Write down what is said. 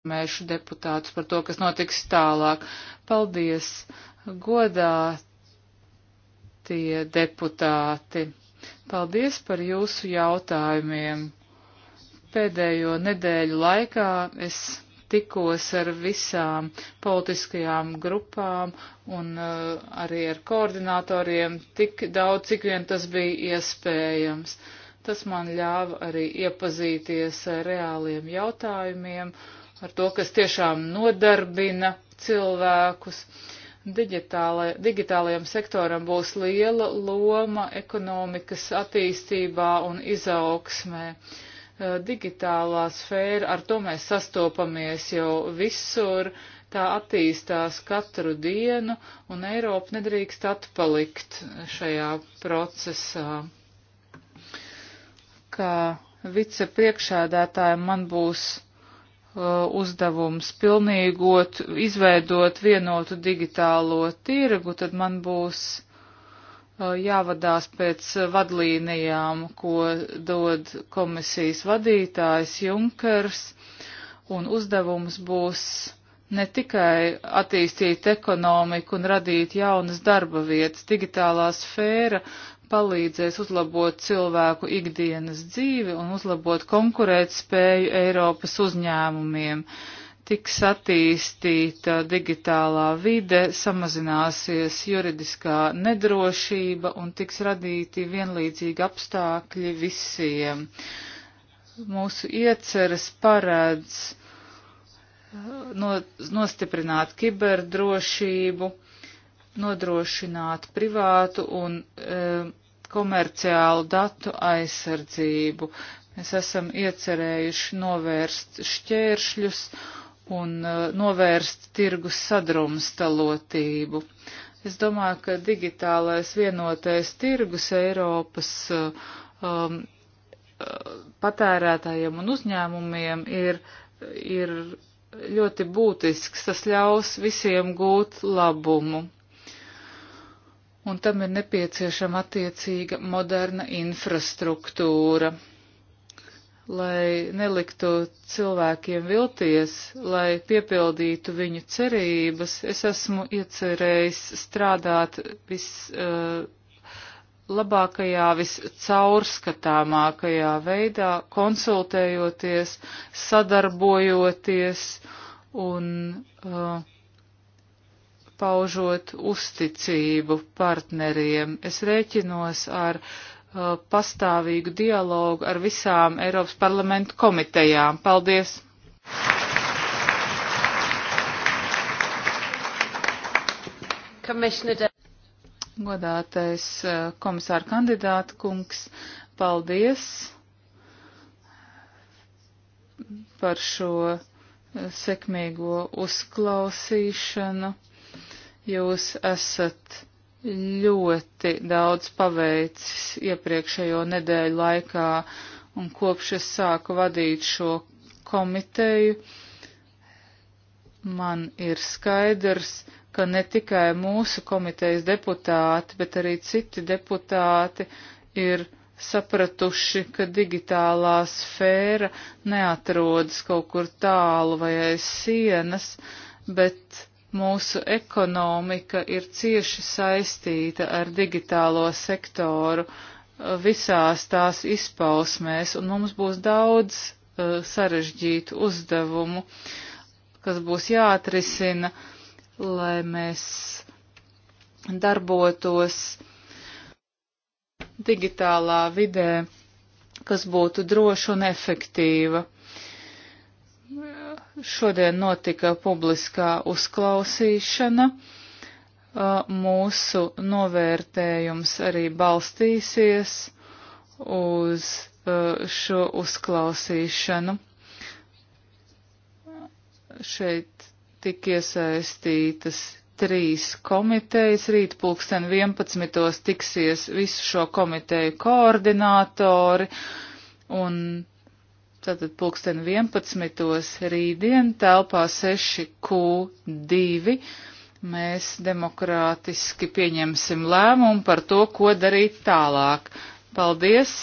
informēšu deputātus par to, kas notiks tālāk. Paldies, godā tie deputāti. Paldies par jūsu jautājumiem. Pēdējo nedēļu laikā es tikos ar visām politiskajām grupām un uh, arī ar koordinatoriem tik daudz, cik vien tas bija iespējams. Tas man ļāva arī iepazīties ar reāliem jautājumiem ar to, kas tiešām nodarbina cilvēkus. Digitālai, digitālajam sektoram būs liela loma ekonomikas attīstībā un izaugsmē. Digitālā sfēra, ar to mēs sastopamies jau visur, tā attīstās katru dienu, un Eiropa nedrīkst atpalikt šajā procesā. Kā vicepriekšēdētājiem man būs Uh, uzdevums pilnīgot, izveidot vienotu digitālo tirgu, tad man būs uh, jāvadās pēc vadlīnijām, ko dod komisijas vadītājs Junkers, un uzdevums būs ne tikai attīstīt ekonomiku un radīt jaunas darba vietas. Digitālā sfēra palīdzēs uzlabot cilvēku ikdienas dzīvi un uzlabot konkurētspēju Eiropas uzņēmumiem. Tiks attīstīta digitālā vide, samazināsies juridiskā nedrošība un tiks radīti vienlīdzīgi apstākļi visiem. Mūsu ieceres paredz eh, no, nostiprināt kiberdrošību, nodrošināt privātu un e, komerciālu datu aizsardzību. Mēs esam iecerējuši novērst šķēršļus un uh, novērst tirgus sadrumstalotību. Es domāju, ka digitālais vienotais tirgus Eiropas uh, um, uh, patērētājiem un uzņēmumiem ir, ir ļoti būtisks. Tas ļaus visiem gūt labumu un tam ir nepieciešama attiecīga moderna infrastruktūra, lai neliktu cilvēkiem vilties, lai piepildītu viņu cerības. Es esmu iecerējis strādāt vis. Uh, labākajā, viscaurskatāmākajā veidā, konsultējoties, sadarbojoties un uh, paužot uzticību partneriem. Es rēķinos ar uh, pastāvīgu dialogu ar visām Eiropas parlamentu komitejām. Paldies! Godātais uh, komisāra kandidāta kungs, paldies par šo uh, sekmīgo uzklausīšanu. Jūs esat ļoti daudz paveicis iepriekšējo nedēļu laikā un kopš es sāku vadīt šo komiteju. Man ir skaidrs, ka ne tikai mūsu komitejas deputāti, bet arī citi deputāti ir sapratuši, ka digitālā sfēra neatrodas kaut kur tālu vai aiz sienas, bet Mūsu ekonomika ir cieši saistīta ar digitālo sektoru visās tās izpausmēs, un mums būs daudz uh, sarežģītu uzdevumu, kas būs jāatrisina, lai mēs darbotos digitālā vidē, kas būtu droša un efektīva. Šodien notika publiskā uzklausīšana. Mūsu novērtējums arī balstīsies uz šo uzklausīšanu. Šeit tik iesaistītas trīs komitejas. Rīt pulksten 11. tiksies visu šo komiteju koordinātori un Tātad pulksten 11. rītdien telpā 6Q2 mēs demokrātiski pieņemsim lēmumu par to, ko darīt tālāk. Paldies!